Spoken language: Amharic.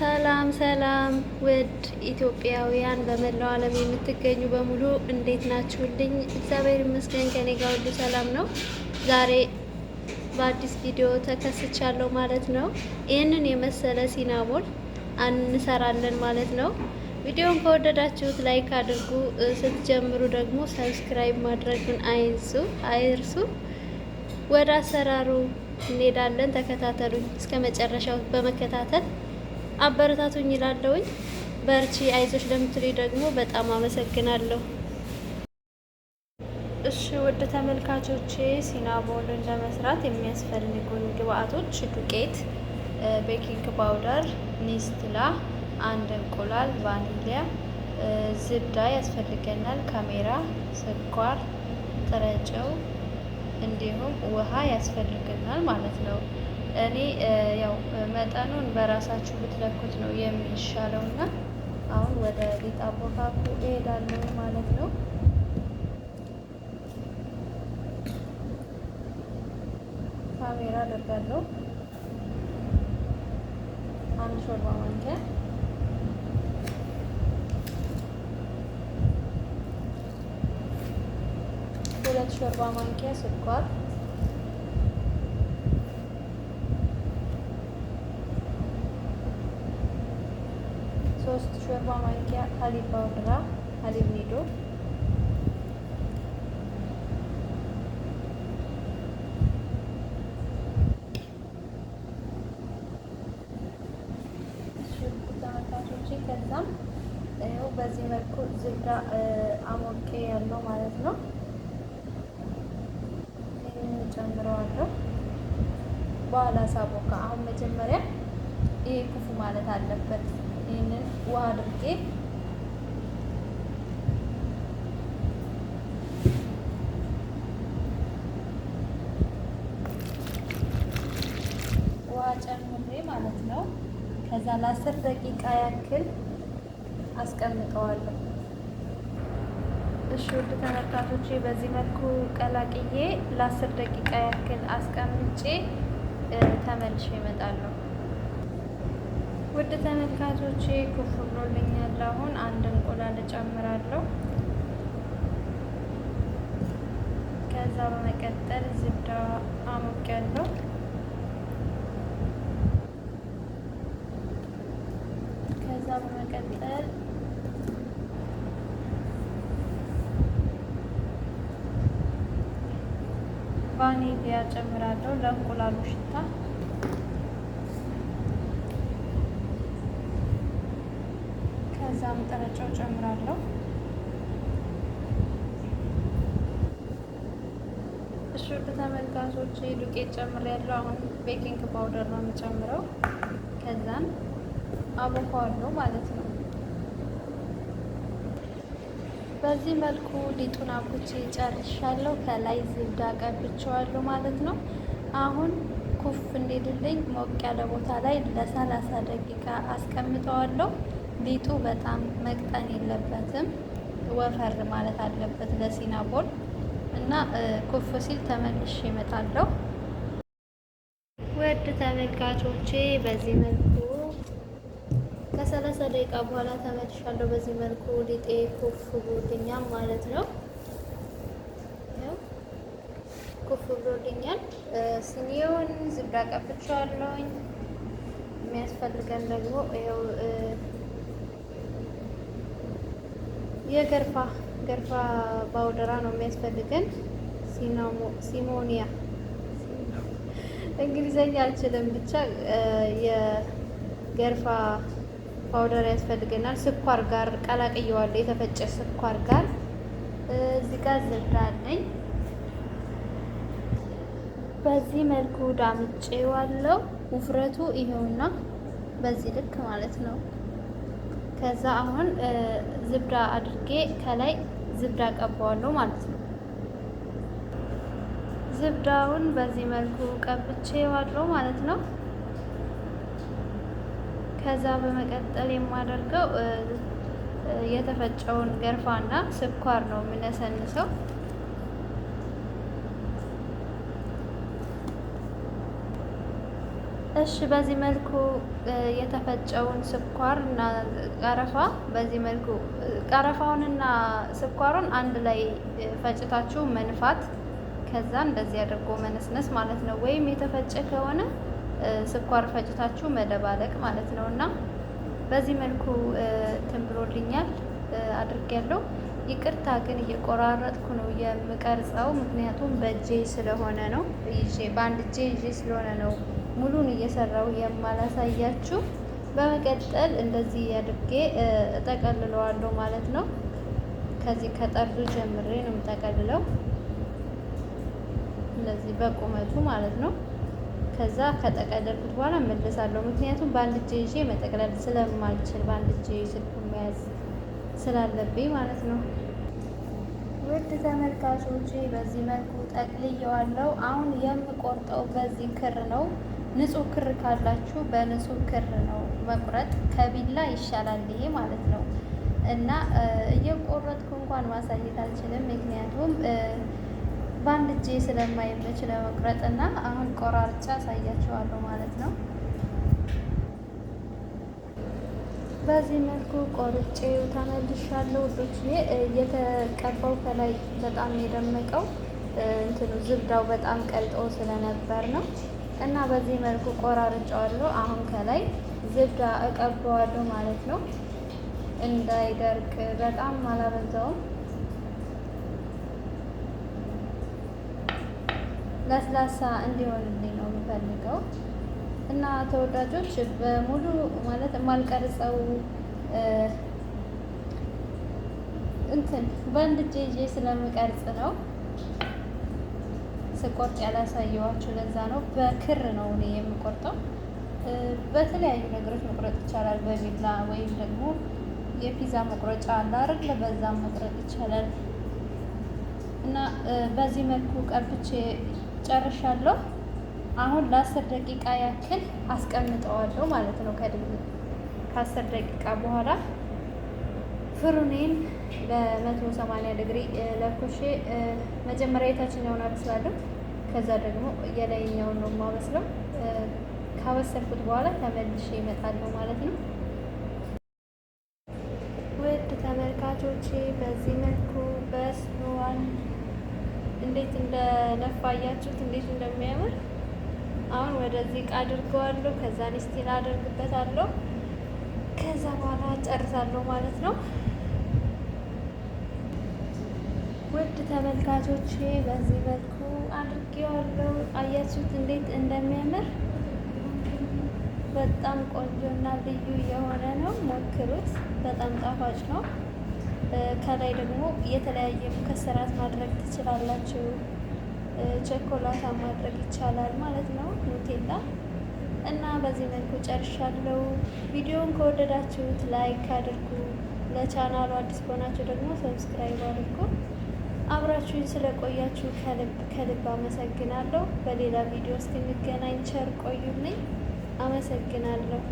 ሰላም ሰላም ውድ ኢትዮጵያውያን በመላው ዓለም የምትገኙ በሙሉ እንዴት ናችሁልኝ? እግዚአብሔር ይመስገን ከኔ ጋር ሁሉ ሰላም ነው። ዛሬ በአዲስ ቪዲዮ ተከስቻለሁ ማለት ነው። ይህንን የመሰለ ሲናሞል እንሰራለን ማለት ነው። ቪዲዮን ከወደዳችሁት ላይክ አድርጉ፣ ስትጀምሩ ደግሞ ሰብስክራይብ ማድረግን አይንሱ አይርሱ። ወደ አሰራሩ እንሄዳለን። ተከታተሉኝ እስከ መጨረሻው በመከታተል አበረታቱኝ ይላለውኝ። በርቺ አይዞች ለምትሉኝ ደግሞ በጣም አመሰግናለሁ። እሺ ውድ ተመልካቾቼ ሲናቦልን ለመስራት የሚያስፈልጉን ግብአቶች ዱቄት፣ ቤኪንግ ፓውደር፣ ኒስትላ፣ አንድ እንቁላል፣ ቫኒሊያ፣ ዝብዳ ያስፈልገናል፣ ካሜራ፣ ስኳር፣ ጥረጨው እንዲሁም ውሃ ያስፈልገናል ማለት ነው። እኔ ያው መጠኑን በራሳችሁ ብትለኩት ነው የሚሻለው እና አሁን ወደ ሊጣ አቦካኩ እሄዳለሁ ማለት ነው። ካሜራ አደርጋለሁ። አንድ ሾርባ ማንኪያ ሁለት ሾርባ ማንኪያ ስኳር ሶስት ሾርባ ማንኪያ ሀሊብ ባውድራ ሀሊብ ኒዶ ከዛም በዚህ መልኩ እዚህ አሞቄ ያለው ማለት ነው። ይህንን ጨምረዋለሁ በኋላ ሳቦካ። አሁን መጀመሪያ ይሄ ክፉ ማለት አለበት። ይህንን ውሃ አድርጌ ውሃ ጨምሬ ማለት ነው። ከዛ ለአስር ደቂቃ ያክል አስቀምጠዋለሁ። እሺ ውድ ተመልካቾቼ በዚህ መልኩ ቀላቅዬ ለአስር ደቂቃ ያክል አስቀምጬ ተመልሼ እመጣለሁ። ውድ ተመልካቾቼ ብሎልኝ ብሎልኛል። አሁን አንድ እንቁላል እጨምራለሁ። ከዛ በመቀጠል ዝብዳ አሞቂያለሁ። ከዛ በመቀጠል ቫኒሊያ ጨምራለሁ ለእንቁላሉ ሽታ ከዛ መጠረጫው ጨምራለሁ። እሺ ተመልካቾች ዱቄት ያለው አሁን ቤኪንግ ፓውደር ነው የምጨምረው። ከዛን አቦካዋለሁ ማለት ነው። በዚህ መልኩ ሊጡን አቡቼ ጨርሻለሁ። ከላይ ዝብዳ ቀብቼዋለሁ ማለት ነው። አሁን ኩፍ እንዲልልኝ ሞቅ ያለ ቦታ ላይ ለሰላሳ ደቂቃ አስቀምጠዋለሁ። ሊጡ በጣም መቅጠን የለበትም፣ ወፈር ማለት አለበት ለሲናቦል እና ኩፍ ሲል ተመልሼ እመጣለሁ። ውድ ተመልካቾቼ በዚህ መልኩ ከሰላሳ ደቂቃ በኋላ ተመልሻለሁ። በዚህ መልኩ ሊጤ ኩፍ ብሎልኛል ማለት ነው። ኩፍ ብሎልኛል። ስኒውን ዝብዳ ቀብቻለሁኝ። የሚያስፈልገን ደግሞ የገርፋ ገርፋ ባውደራ ነው የሚያስፈልገን። ሲሞኒያ እንግሊዘኛ አልችልም፣ ብቻ የገርፋ ፓውደር ያስፈልገናል። ስኳር ጋር ቀላቅየዋለሁ፣ የተፈጨ ስኳር ጋር። እዚህ ጋር ዝብዳ አለኝ። በዚህ መልኩ ዳምጬዋለሁ። ውፍረቱ ይሄውና፣ በዚህ ልክ ማለት ነው። ከዛ አሁን ዝብዳ አድርጌ ከላይ ዝብዳ ቀባዋለሁ ማለት ነው። ዝብዳውን በዚህ መልኩ ቀብቼዋለሁ ማለት ነው። ከዛ በመቀጠል የማደርገው የተፈጨውን ገርፋና ስኳር ነው የምነሰንሰው። እሺ በዚህ መልኩ የተፈጨውን ስኳር እና ቀረፋ በዚህ መልኩ ቀረፋውንና ስኳሩን አንድ ላይ ፈጭታችሁ መንፋት፣ ከዛ እንደዚህ አድርጎ መነስነስ ማለት ነው። ወይም የተፈጨ ከሆነ ስኳር ፈጭታችሁ መደባለቅ ማለት ነው። እና በዚህ መልኩ ትንብሮልኛል አድርጌያለሁ። ይቅርታ ግን እየቆራረጥኩ ነው የምቀርጸው፣ ምክንያቱም በእጄ ስለሆነ ነው ይዤ በአንድ እጄ ይዤ ስለሆነ ነው ሙሉን እየሰራው የማላሳያችሁ። በመቀጠል እንደዚህ አድርጌ እጠቀልለዋለሁ ማለት ነው። ከዚህ ከጠርዙ ጀምሬ ነው የምጠቀልለው፣ እንደዚህ በቁመቱ ማለት ነው። ከዛ ከጠቀለልኩት በኋላ መለሳለሁ። ምክንያቱም በአንድ እጄ ይዤ መጠቅለል ስለማልችል በአንድ እጄ ስልኩ መያዝ ስላለብኝ ማለት ነው። ውድ ተመልካቾች በዚህ መልኩ ጠቅልየዋለሁ። አሁን የምቆርጠው በዚህ ክር ነው። ንጹህ ክር ካላችሁ በንጹህ ክር ነው መቁረጥ፣ ከቢላ ይሻላል ይሄ ማለት ነው። እና እየቆረጥኩ እንኳን ማሳየት አልችልም፣ ምክንያቱም በአንድ እጄ ስለማይመች ለመቁረጥ እና አሁን ቆራርጬ አሳያችኋለሁ ማለት ነው። በዚህ መልኩ ቆርጬ ተመልሻለሁ ውዶች። የተቀባው ከላይ በጣም የደመቀው እንትኑ ዝብዳው በጣም ቀልጦ ስለነበር ነው። እና በዚህ መልኩ ቆራርጫዋለሁ። አሁን ከላይ ዝብዳ እቀባዋለሁ ማለት ነው እንዳይደርቅ በጣም አላበዛውም። ለስላሳ እንዲሆንልኝ ነው የምፈልገው። እና ተወዳጆች በሙሉ ማለት የማልቀርጸው እንትን በአንድ እጄ ስለምቀርጽ ነው። ስቆርጥ ያላሳየዋቸው ለዛ ነው። በክር ነው እኔ የምቆርጠው። በተለያዩ ነገሮች መቁረጥ ይቻላል። በቢላ ወይም ደግሞ የፒዛ መቁረጫ አለ አይደል? መቁረጥ ይቻላል። እና በዚህ መልኩ ቀብቼ ጨርሻለሁ። አሁን ለአስር ደቂቃ ያክል አስቀምጠዋለሁ ማለት ነው። ከድ ከአስር ደቂቃ በኋላ ፍሩኔን በ180 ዲግሪ ለኩሼ መጀመሪያ የታችኛውን አበስላለሁ። ከዛ ደግሞ የላይኛውን ነው የማበስለው። ካበሰልኩት በኋላ ተመልሼ ይመጣለሁ ማለት ነው። ውድ ተመልካቾቼ በዚህ መልኩ በስሏል። እንዴት እንደነፋ እንዴት እንደሚያምር አሁን ወደዚህ ዕቃ አድርገዋለሁ። ከዛ ስቲል አደርግበታለሁ። ከዛ በኋላ ጨርሳለሁ ማለት ነው። ውድ ተመልካቾች በዚህ መልኩ አድርጌዋለሁ። አያችሁት እንዴት እንደሚያምር በጣም ቆንጆ እና ልዩ የሆነ ነው። ሞክሩት። በጣም ጣፋጭ ነው። ከላይ ደግሞ የተለያየ ሙከሰራት ማድረግ ትችላላችሁ። ቸኮላታ ማድረግ ይቻላል ማለት ነው ኑቴላ እና በዚህ መልኩ ጨርሻለሁ። ቪዲዮውን ከወደዳችሁት ላይክ አድርጉ። ለቻናሉ አዲስ ከሆናችሁ ደግሞ ሰብስክራይብ አድርጉ። አብራችሁኝ ስለቆያችሁ ከልብ ከልብ አመሰግናለሁ። በሌላ ቪዲዮ እስክንገናኝ ቸር ቆዩልኝ። አመሰግናለሁ።